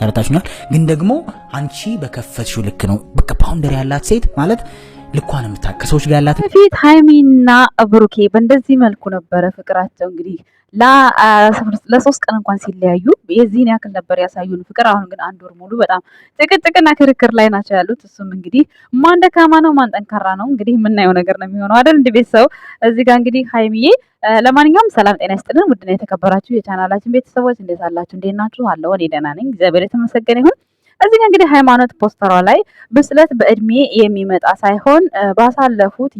ተረታችኋል። ግን ደግሞ አንቺ በከፈትሽው ልክ ነው። በቃ ፓውንደር ያላት ሴት ማለት ልኳን የምታውቅ ሰዎች ጋር ያላት በፊት ሀይሚና ብሩኬ በእንደዚህ መልኩ ነበረ ፍቅራቸው። እንግዲህ ለሶስት ቀን እንኳን ሲለያዩ የዚህን ያክል ነበር ያሳዩን ፍቅር። አሁን ግን አንድ ወር ሙሉ በጣም ጭቅጭቅና ክርክር ላይ ናቸው ያሉት። እሱም እንግዲህ ማን ደካማ ነው ማን ጠንካራ ነው እንግዲህ የምናየው ነገር ነው የሚሆነው አይደል? እንደ ቤተሰብ እዚህ ጋር እንግዲህ ሀይሚዬ ለማንኛውም ሰላም ጤና ይስጥልን። ውድና የተከበራችሁ የቻናላችን ቤተሰቦች እንዴት አላችሁ? እንዴት ናችሁ? አለው እኔ ደህና ነኝ፣ እግዚአብሔር የተመሰገነ ይሁን። እዚህ እንግዲህ ሃይማኖት ፖስተሯ ላይ ብስለት በእድሜ የሚመጣ ሳይሆን ባሳለፉት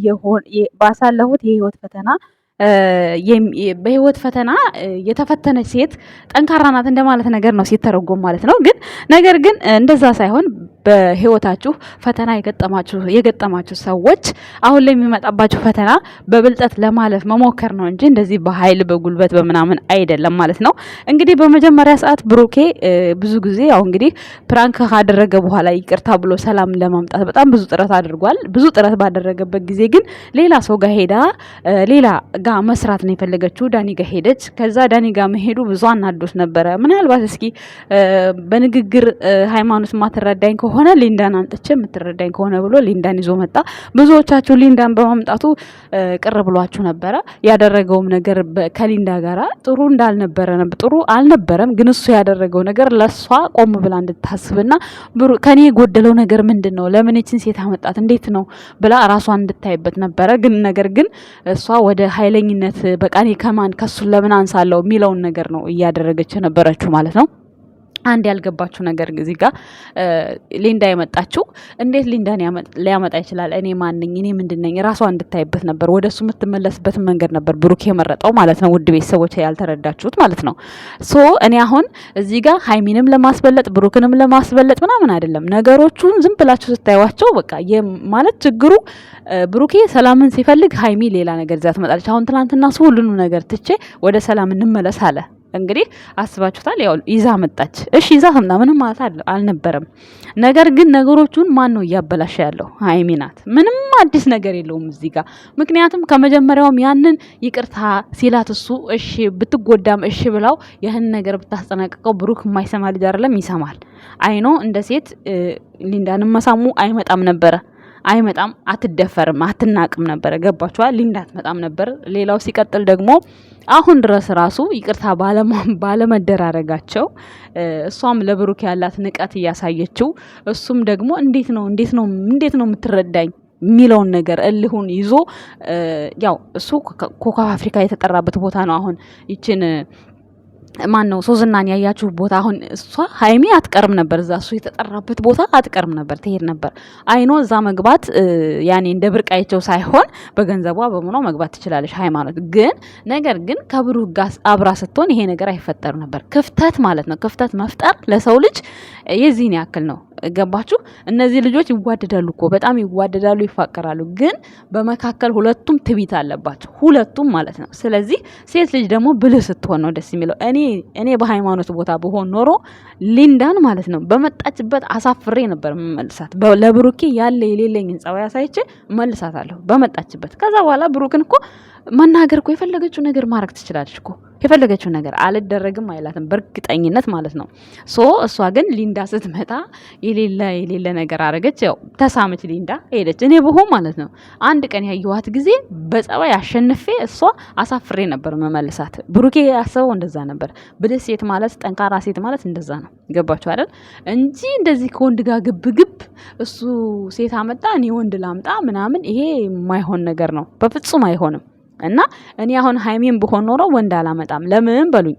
ባሳለፉት የህይወት ፈተና በህይወት ፈተና የተፈተነች ሴት ጠንካራ ናት እንደማለት ነገር ነው ሲተረጎም ማለት ነው። ግን ነገር ግን እንደዛ ሳይሆን በህይወታችሁ ፈተና የገጠማችሁ የገጠማችሁ ሰዎች አሁን ላይ የሚመጣባችሁ ፈተና በብልጠት ለማለፍ መሞከር ነው እንጂ እንደዚህ በኃይል በጉልበት በምናምን አይደለም ማለት ነው። እንግዲህ በመጀመሪያ ሰዓት ብሩኬ ብዙ ጊዜ ያው እንግዲህ ፕራንክ ካደረገ በኋላ ይቅርታ ብሎ ሰላም ለማምጣት በጣም ብዙ ጥረት አድርጓል። ብዙ ጥረት ባደረገበት ጊዜ ግን ሌላ ሰው ጋር ሄዳ ሌላ ጋ መስራት ነው የፈለገችው። ዳኒ ጋር ሄደች። ከዛ ዳኒ ጋር መሄዱ ብዙ አናዶት ነበረ። ምናልባት እስኪ በንግግር ሃይማኖት ማትረዳኝ ከሆነ ከሆነ ሊንዳን አምጥቼ የምትረዳኝ ከሆነ ብሎ ሊንዳን ይዞ መጣ። ብዙዎቻችሁ ሊንዳን በማምጣቱ ቅር ብሏችሁ ነበረ። ያደረገውም ነገር ከሊንዳ ጋር ጥሩ እንዳልነበረ ጥሩ አልነበረም። ግን እሱ ያደረገው ነገር ለእሷ ቆም ብላ እንድታስብና ከኔ የጎደለው ነገር ምንድን ነው ለምንችን ሴት አመጣት እንዴት ነው ብላ ራሷን እንድታይበት ነበረ። ግን ነገር ግን እሷ ወደ ኃይለኝነት በቃ እኔ ከማን ከሱን ለምን አንሳለው የሚለውን ነገር ነው እያደረገች የነበረችው ማለት ነው። አንድ ያልገባችሁ ነገር እዚህ ጋር ሊንዳ የመጣችው እንዴት ሊንዳን ሊያመጣ ይችላል? እኔ ማንኝ እኔ ምንድነኝ? ራሷ እንድታይበት ነበር፣ ወደ እሱ የምትመለስበትን መንገድ ነበር ብሩክ የመረጠው ማለት ነው። ውድ ቤተሰቦች ያልተረዳችሁት ማለት ነው። ሶ እኔ አሁን እዚህ ጋር ሀይሚንም ለማስበለጥ ብሩክንም ለማስበለጥ ምናምን አይደለም። ነገሮቹን ዝም ብላችሁ ስታዩዋቸው በቃ ማለት ችግሩ ብሩኬ ሰላምን ሲፈልግ ሀይሚ ሌላ ነገር ዛ ትመጣለች። አሁን ትናንትና እሱ ሁሉንም ነገር ትቼ ወደ ሰላም እንመለስ አለ እንግዲህ አስባችሁታል። ያው ይዛ መጣች። እሺ ይዛ ምና ምንም ማለት አልነበረም። ነገር ግን ነገሮቹን ማን ነው እያበላሸ ያለው? ሀይሚ ናት። ምንም አዲስ ነገር የለውም እዚህ ጋር። ምክንያቱም ከመጀመሪያውም ያንን ይቅርታ ሲላት እሱ እሺ ብትጎዳም እሺ ብላው ይህን ነገር ብታስጠናቀቀው ብሩክ የማይሰማ ልጅ አይደለም፣ ይሰማል። አይኖ እንደ ሴት ሊንዳንም መሳሙ አይመጣም ነበረ አይመጣም፣ አትደፈርም፣ አትናቅም ነበረ። ገባችኋል? ሊንዳ አትመጣም ነበር። ሌላው ሲቀጥል ደግሞ አሁን ድረስ ራሱ ይቅርታ ባለመደራረጋቸው እሷም ለብሩክ ያላት ንቀት እያሳየችው እሱም ደግሞ እንዴት ነው እንዴት ነው እንዴት ነው የምትረዳኝ የሚለውን ነገር እልሁን ይዞ ያው እሱ ኮካ አፍሪካ የተጠራበት ቦታ ነው። አሁን ይችን ማን ነው ሶዝናን ያያችሁ ቦታ? አሁን እሷ ሀይሜ አትቀርም ነበር እዛ እሱ የተጠራበት ቦታ አትቀርም ነበር፣ ትሄድ ነበር። አይኖ እዛ መግባት ያኔ እንደ ብርቃይቸው ሳይሆን በገንዘቧ በምኗ መግባት ትችላለች ሃይማኖት። ግን ነገር ግን ከብሩክ ጋር አብራ ስትሆን ይሄ ነገር አይፈጠርም ነበር። ክፍተት ማለት ነው። ክፍተት መፍጠር ለሰው ልጅ የዚህን ያክል ነው። ገባችሁ? እነዚህ ልጆች ይዋደዳሉ እኮ በጣም ይዋደዳሉ፣ ይፋቀራሉ። ግን በመካከል ሁለቱም ትቢት አለባቸው፣ ሁለቱም ማለት ነው። ስለዚህ ሴት ልጅ ደግሞ ብልህ ስትሆን ነው ደስ የሚለው እኔ እኔ በሃይማኖት ቦታ ብሆን ኖሮ ሊንዳን ማለት ነው በመጣችበት አሳፍሬ ነበር መልሳት። ለብሩኬ ያለ የሌለኝን ጸባይ አሳይቼ መልሳታለሁ በመጣችበት። ከዛ በኋላ ብሩክን እኮ መናገር እኮ የፈለገችው ነገር ማድረግ ትችላለች እኮ የፈለገችው ነገር አልደረግም አይላትም በእርግጠኝነት ማለት ነው። ሶ እሷ ግን ሊንዳ ስትመጣ የሌለ የሌለ ነገር አረገች። ያው ተሳመች፣ ሊንዳ ሄደች። እኔ ብሆን ማለት ነው አንድ ቀን ያየኋት ጊዜ በጸባይ አሸንፌ እሷ አሳፍሬ ነበር መመልሳት። ብሩኬ ያሰበው እንደዛ ነበር። ብልህ ሴት ማለት ጠንካራ ሴት ማለት እንደዛ ነው። ነው። ገባችሁ አይደል? እንጂ እንደዚህ ከወንድ ጋር ግብ ግብ እሱ ሴት አመጣ እኔ ወንድ ላምጣ ምናምን ይሄ የማይሆን ነገር ነው። በፍጹም አይሆንም። እና እኔ አሁን ሀይሜን ብሆን ኖሮ ወንድ አላመጣም። ለምን በሉኝ፣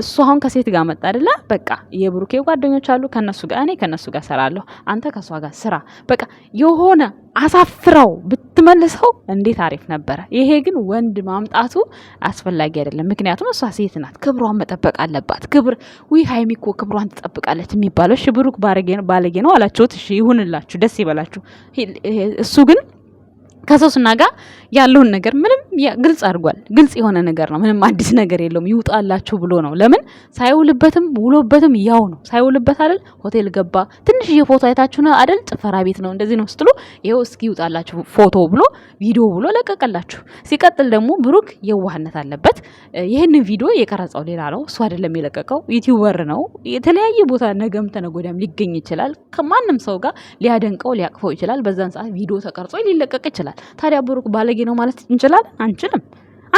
እሱ አሁን ከሴት ጋር መጣ አደለ በቃ የብሩኬ ጓደኞች አሉ፣ ከነሱ ጋር እኔ ከነሱ ጋር ሰራለሁ፣ አንተ ከሷ ጋር ስራ። በቃ የሆነ አሳፍረው ብትመልሰው እንዴት አሪፍ ነበረ። ይሄ ግን ወንድ ማምጣቱ አስፈላጊ አይደለም። ምክንያቱም እሷ ሴት ናት፣ ክብሯን መጠበቅ አለባት። ክብር ዊ ሀይሚ እኮ ክብሯን ትጠብቃለች የሚባለው እሺ፣ ብሩክ ባለጌ ነው አላችሁት። እሺ ይሁንላችሁ፣ ደስ ይበላችሁ። እሱ ግን ከሶስና ጋር ያለውን ነገር ምንም ግልጽ አድርጓል። ግልጽ የሆነ ነገር ነው። ምንም አዲስ ነገር የለውም። ይውጣላችሁ ብሎ ነው። ለምን ሳይውልበትም ውሎበትም ያው ነው። ሳይውልበት አይደል ሆቴል ገባ። ትንሽዬ ፎቶ አይታችሁ ነው አይደል ጭፈራ ቤት ነው እንደዚህ ነው ስትሉ ይኸው እስኪ ይውጣላችሁ ፎቶ ብሎ ቪዲዮ ብሎ ለቀቀላችሁ። ሲቀጥል ደግሞ ብሩክ የዋህነት አለበት። ይህንን ቪዲዮ የቀረጸው ሌላ ነው፣ እሱ አይደለም የለቀቀው። ዩቲዩበር ነው። የተለያየ ቦታ ነገም ተነጎዳም ሊገኝ ይችላል። ከማንም ሰው ጋር ሊያደንቀው ሊያቅፈው ይችላል። በዛን ሰዓት ቪዲዮ ተቀርጾ ሊለቀቅ ይችላል። ታዲያ ብሩክ ባለጌ አስፈላጊ ነው ማለት እንችላለን? አንችልም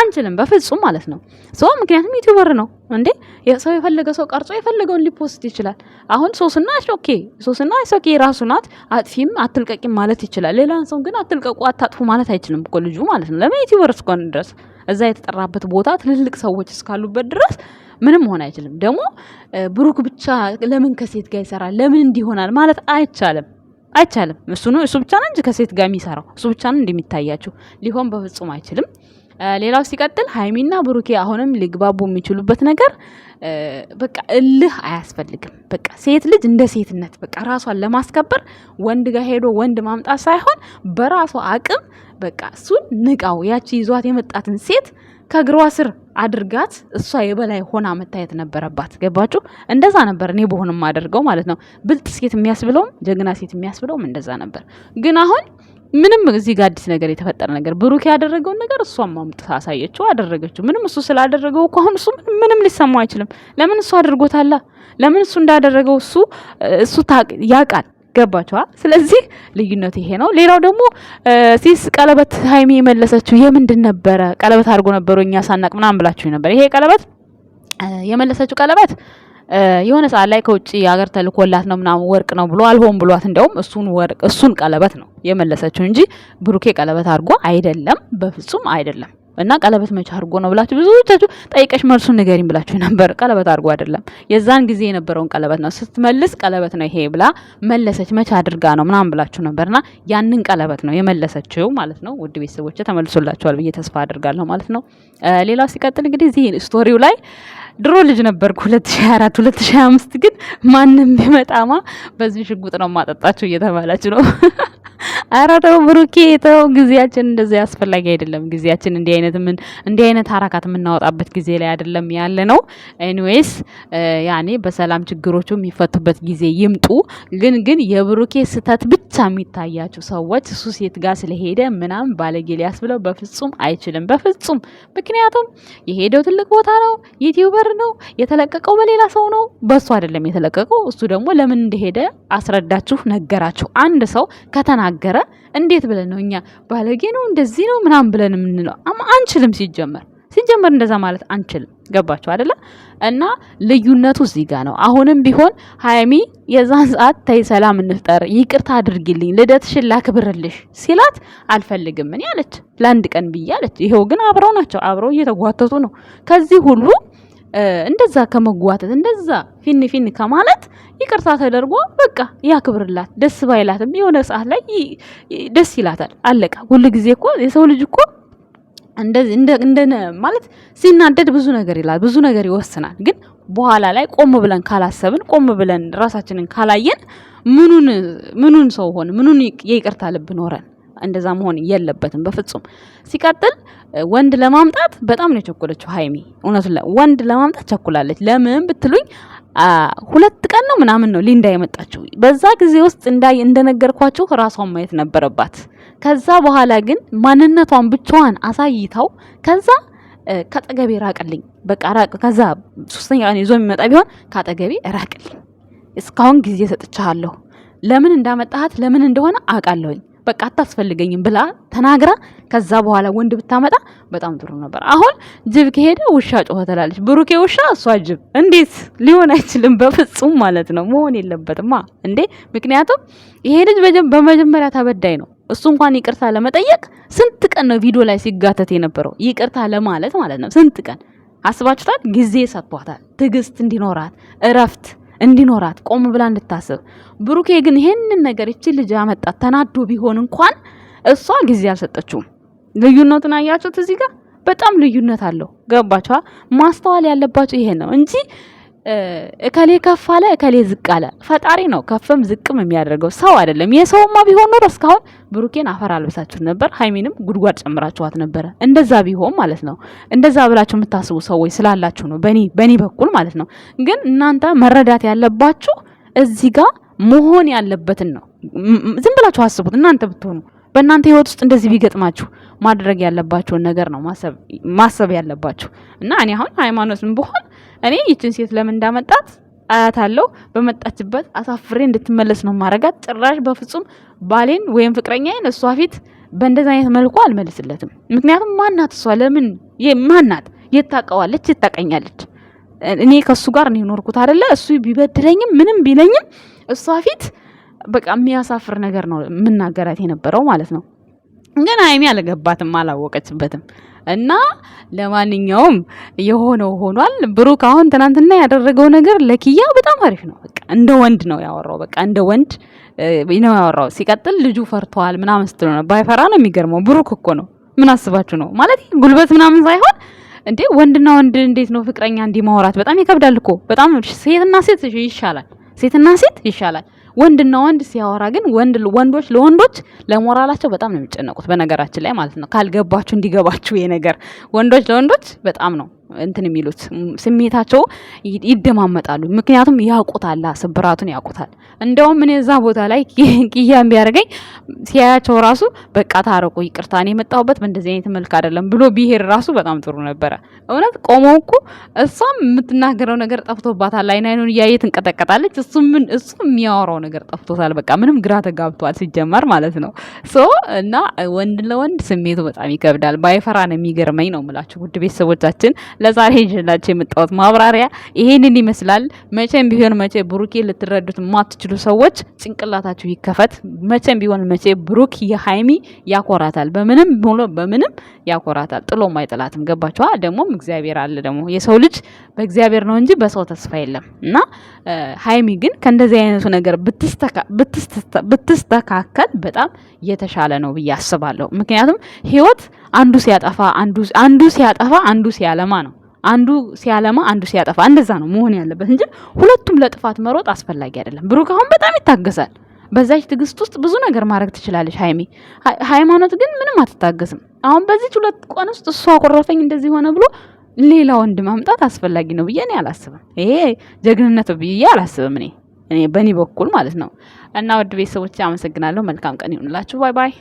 አንችልም በፍጹም ማለት ነው። ሶ ምክንያቱም ዩቲዩበር ነው እንዴ ሰው የፈለገ ሰው ቀርጾ የፈለገውን ሊፖስት ይችላል። አሁን ሶስና ኦኬ ሶስና ኦኬ ራሱ ናት። አጥፊም አትልቀቂም ማለት ይችላል። ሌላን ሰው ግን አትልቀቁ አታጥፉ ማለት አይችልም እኮ ልጁ ማለት ነው። ለምን ዩቲዩበር እስከሆነ ድረስ እዛ የተጠራበት ቦታ ትልልቅ ሰዎች እስካሉበት ድረስ ምንም ሆን አይችልም። ደግሞ ብሩክ ብቻ ለምን ከሴት ጋር ይሰራል ለምን እንዲሆናል ማለት አይቻልም። አይቻልም። እሱ ነው እሱ ብቻ ነው እንጂ ከሴት ጋር የሚሰራው እሱ ብቻ ነው እንደሚታያችሁ ሊሆን በፍጹም አይችልም። ሌላው ሲቀጥል ሀይሚና ብሩኬ አሁንም ሊግባቡ የሚችሉበት ነገር በቃ እልህ አያስፈልግም። በቃ ሴት ልጅ እንደ ሴትነት በቃ ራሷን ለማስከበር ወንድ ጋር ሄዶ ወንድ ማምጣት ሳይሆን በራሷ አቅም በቃ እሱን ንቃው ያቺ ይዟት የመጣትን ሴት ከእግሯ ስር አድርጋት እሷ የበላይ ሆና መታየት ነበረባት። ገባችሁ? እንደዛ ነበር እኔ በሆን አደርገው ማለት ነው። ብልጥ ሴት የሚያስብለውም ጀግና ሴት የሚያስብለውም እንደዛ ነበር። ግን አሁን ምንም እዚህ ጋር አዲስ ነገር የተፈጠረ ነገር ብሩክ ያደረገውን ነገር እሷም አምጥታ አሳየችው፣ አደረገችው። ምንም እሱ ስላደረገው እኮ አሁን እሱ ምንም ሊሰማው አይችልም። ለምን እሱ አድርጎታላ። ለምን እሱ እንዳደረገው እሱ እሱ ያውቃል ገባችኋ? ስለዚህ ልዩነቱ ይሄ ነው። ሌላው ደግሞ ሲስ ቀለበት ሀይሚ የመለሰችው የምንድን ነበረ? ቀለበት አድርጎ ነበሩ እኛ ሳናቅ ምናምን ብላችሁ ነበር። ይሄ ቀለበት የመለሰችው ቀለበት የሆነ ሰዓት ላይ ከውጭ ሀገር ተልኮላት ነው ምናምን ወርቅ ነው ብሎ አልሆን ብሏት፣ እንደውም እሱን ወርቅ እሱን ቀለበት ነው የመለሰችው እንጂ ብሩኬ ቀለበት አድርጎ አይደለም፣ በፍጹም አይደለም። እና ቀለበት መቼ አድርጎ ነው ብላችሁ ብዙዎቻችሁ ጠይቀሽ መልሱን ንገሪኝ ብላችሁ ነበር። ቀለበት አድርጎ አይደለም፣ የዛን ጊዜ የነበረውን ቀለበት ነው። ስትመልስ ቀለበት ነው ይሄ ብላ መለሰች። መቼ አድርጋ ነው ምናምን ብላችሁ ነበርና ያንን ቀለበት ነው የመለሰችው ማለት ነው። ውድ ቤተሰቦች ተመልሶላችኋል ብዬ ተስፋ አድርጋለሁ ማለት ነው። ሌላው ሲቀጥል እንግዲህ እዚህ ስቶሪው ላይ ድሮ ልጅ ነበርኩ 2024 2025 ግን ማንም ቢመጣማ በዚህ ሽጉጥ ነው ማጠጣችሁ እየተባላችሁ ነው ኧረ ተው ብሩኬ ተው፣ ጊዜያችን እንደዚህ አስፈላጊ አይደለም። ጊዜያችን እንዲህ አይነት ምን እንዲህ አይነት አራካት የምናወጣበት ጊዜ ላይ አይደለም ያለ ነው። ኤኒዌይስ ያኔ በሰላም ችግሮቹ የሚፈቱበት ጊዜ ይምጡ። ግን ግን የብሩኬ ስህተት ብቻ ብቻ የሚታያቸው ሰዎች እሱ ሴት ጋር ስለሄደ ምናምን ባለጌ ሊያስብለው በፍጹም አይችልም፣ በፍጹም ምክንያቱም የሄደው ትልቅ ቦታ ነው፣ ዩቲዩበር ነው፣ የተለቀቀው በሌላ ሰው ነው፣ በሱ አይደለም የተለቀቀው። እሱ ደግሞ ለምን እንደሄደ አስረዳችሁ፣ ነገራችሁ። አንድ ሰው ከተናገረ እንዴት ብለን ነው እኛ ባለጌ ነው እንደዚህ ነው ምናምን ብለን የምንለው? አንችልም ሲጀመር ሲጀመር እንደዛ ማለት አንችልም። ገባችሁ አደለ? እና ልዩነቱ እዚህ ጋር ነው። አሁንም ቢሆን ሀይሚ የዛን ሰዓት ተይ ሰላም እንፍጠር፣ ይቅርታ አድርጊልኝ፣ ልደትሽን ላክብርልሽ ሲላት አልፈልግም እኔ አለች፣ ለአንድ ቀን ብዬ አለች። ይሄው ግን አብረው ናቸው፣ አብረው እየተጓተቱ ነው። ከዚህ ሁሉ እንደዛ ከመጓተት እንደዛ ፊን ፊን ከማለት ይቅርታ ተደርጎ በቃ ያክብርላት። ደስ ባይላትም የሆነ ሰዓት ላይ ደስ ይላታል። አለቃ ሁሉ ጊዜ እኮ የሰው ልጅ እኮ ማለት ሲናደድ ብዙ ነገር ይላል፣ ብዙ ነገር ይወስናል። ግን በኋላ ላይ ቆም ብለን ካላሰብን፣ ቆም ብለን ራሳችንን ካላየን ምኑን ምኑን ሰው ሆን ምኑን የይቅርታ ልብ ኖረን እንደዛ መሆን የለበትም በፍጹም። ሲቀጥል ወንድ ለማምጣት በጣም ነው የቸኮለችው ሀይሚ። እውነቱን ወንድ ለማምጣት ቸኩላለች። ለምን ብትሉኝ ሁለት ቀን ነው ምናምን ነው ሊንዳ የመጣችው። በዛ ጊዜ ውስጥ እንዳይ እንደነገርኳችሁ ራሷን ማየት ነበረባት። ከዛ በኋላ ግን ማንነቷን ብቻዋን አሳይተው ከዛ ከአጠገቤ ራቅልኝ፣ በቃ ራቅ። ከዛ ሶስተኛ ቀን ይዞ የሚመጣ ቢሆን ከጠገቤ ራቅልኝ፣ እስካሁን ጊዜ ሰጥቻለሁ፣ ለምን እንዳመጣሃት ለምን እንደሆነ አውቃለሁኝ፣ በቃ አታስፈልገኝም ብላ ተናግራ፣ ከዛ በኋላ ወንድ ብታመጣ በጣም ጥሩ ነበር። አሁን ጅብ ከሄደ ውሻ ጮኸ ትላለች። ብሩኬ ውሻ፣ እሷ ጅብ። እንዴት ሊሆን አይችልም፣ በፍጹም ማለት ነው። መሆን የለበትማ እንዴ! ምክንያቱም ይሄ ልጅ በመጀመሪያ ተበዳይ ነው። እሱ እንኳን ይቅርታ ለመጠየቅ ስንት ቀን ነው ቪዲዮ ላይ ሲጋተት የነበረው ይቅርታ ለማለት ማለት ነው። ስንት ቀን አስባችሁታል? ጊዜ ሰጥቷታል፣ ትዕግስት እንዲኖራት፣ እረፍት እንዲኖራት፣ ቆም ብላ እንድታስብ። ብሩኬ ግን ይሄንን ነገር እቺ ልጅ ያመጣት ተናዶ ቢሆን እንኳን እሷ ጊዜ አልሰጠችውም። ልዩነቱን አያችሁት? እዚህ ጋር በጣም ልዩነት አለው። ገባችኋ? ማስተዋል ያለባቸው ይሄ ነው እንጂ እከሌ ከፍ አለ እከሌ ዝቅ አለ። ፈጣሪ ነው ከፍም ዝቅም የሚያደርገው ሰው አይደለም። የሰውማ ቢሆን ኖሮ እስካሁን ብሩኬን አፈር አልብሳችሁት ነበር፣ ሀይሚንም ጉድጓድ ጨምራችኋት ነበረ። እንደዛ ቢሆን ማለት ነው። እንደዛ ብላችሁ የምታስቡ ሰዎች ስላላችሁ ነው፣ በኔ በእኔ በኩል ማለት ነው። ግን እናንተ መረዳት ያለባችሁ እዚህ ጋር መሆን ያለበትን ነው። ዝም ብላችሁ አስቡት። እናንተ ብትሆኑ በእናንተ ህይወት ውስጥ እንደዚህ ቢገጥማችሁ ማድረግ ያለባቸውን ነገር ነው ማሰብ ያለባቸው። እና እኔ አሁን ሃይማኖትም ብሆን እኔ ይችን ሴት ለምን እንዳመጣት አያታለሁ። በመጣችበት አሳፍሬ እንድትመለስ ነው ማረጋት። ጭራሽ በፍጹም ባሌን ወይም ፍቅረኛዬን እሷ ፊት በእንደዛ አይነት መልኩ አልመልስለትም። ምክንያቱም ማናት እሷ? ለምን ማናት? የታቀዋለች የታቀኛለች። እኔ ከእሱ ጋር ነው የኖርኩት አይደለ? እሱ ቢበድለኝም ምንም ቢለኝም እሷ ፊት በቃ የሚያሳፍር ነገር ነው የምናገራት የነበረው ማለት ነው። ግን ሀይሚ አልገባትም፣ አላወቀችበትም። እና ለማንኛውም የሆነው ሆኗል። ብሩክ አሁን ትናንትና ያደረገው ነገር ለኪያ በጣም አሪፍ ነው። በቃ እንደ ወንድ ነው ያወራው። በቃ እንደ ወንድ ነው ያወራው። ሲቀጥል ልጁ ፈርተዋል ምናምን ስትሎ ነው። ባይፈራ ነው የሚገርመው። ብሩክ እኮ ነው። ምን አስባችሁ ነው ማለት ጉልበት ምናምን ሳይሆን እንዴ ወንድና ወንድ እንዴት ነው ፍቅረኛ እንዲህ ማውራት? በጣም ይከብዳል እኮ በጣም ሴትና ሴት ይሻላል። ሴትና ሴት ይሻላል። ወንድና ወንድ ሲያወራ ግን ወንድ ወንዶች ለወንዶች ለሞራላቸው በጣም ነው የሚጨነቁት፣ በነገራችን ላይ ማለት ነው። ካልገባችሁ እንዲገባችሁ ይሄ ነገር ወንዶች ለወንዶች በጣም ነው እንትን የሚሉት ስሜታቸው ይደማመጣሉ። ምክንያቱም ያውቁታል፣ ስብራቱን ያውቁታል። እንደውም እኔ እዛ ቦታ ላይ ቅያም ቢያደርገኝ ሲያያቸው ራሱ በቃ ታረቁ፣ ይቅርታ እኔ የመጣሁበት በእንደዚህ አይነት መልክ አይደለም ብሎ ቢሄድ ራሱ በጣም ጥሩ ነበረ። እውነት ቆመው እኮ እሷም የምትናገረው ነገር ጠፍቶባታል። አይን አይኑን እያየ ትንቀጠቀጣለች። እሱ ምን እሱ የሚያወራው ነገር ጠፍቶታል። በቃ ምንም ግራ ተጋብቷል ሲጀመር ማለት ነው። ሶ እና ወንድ ለወንድ ስሜቱ በጣም ይከብዳል። ባይፈራ ነው የሚገርመኝ ነው የምላችሁ ውድ ቤተሰቦቻችን ለዛሬ ይዤላችሁ የመጣሁት ማብራሪያ ይሄንን ይመስላል። መቼም ቢሆን መቼ ብሩኬ ልትረዱት ማትችሉ ሰዎች ጭንቅላታችሁ ይከፈት። መቼም ቢሆን መቼ ብሩክ የሀይሚ ያኮራታል፣ በምንም ብሎ በምንም ያኮራታል። ጥሎ አይጥላትም። ገባችኋ? ደግሞም እግዚአብሔር አለ። ደግሞ የሰው ልጅ በእግዚአብሔር ነው እንጂ በሰው ተስፋ የለም እና ሀይሚ ግን ከእንደዚህ አይነቱ ነገር ብትስተካከል በጣም የተሻለ ነው ብዬ አስባለሁ። ምክንያቱም ህይወት አንዱ ሲያጠፋ አንዱ አንዱ ሲያጠፋ አንዱ ሲያለማ ነው። አንዱ ሲያለማ አንዱ ሲያጠፋ እንደዛ ነው መሆን ያለበት እንጂ ሁለቱም ለጥፋት መሮጥ አስፈላጊ አይደለም። ብሩክ አሁን በጣም ይታገሳል። በዛች ትግስት ውስጥ ብዙ ነገር ማድረግ ትችላለች ሀይሚ። ሃይማኖት ግን ምንም አትታገስም። አሁን በዚች ሁለት ቀን ውስጥ እሷ አቆረፈኝ እንደዚህ ሆነ ብሎ ሌላ ወንድ ማምጣት አስፈላጊ ነው ብዬ እኔ አላስብም። ይሄ ጀግንነት ብዬ አላስብም እኔ እኔ በእኔ በኩል ማለት ነው። እና ውድ ቤተሰቦች አመሰግናለሁ። መልካም ቀን ይሁንላችሁ። ባይ ባይ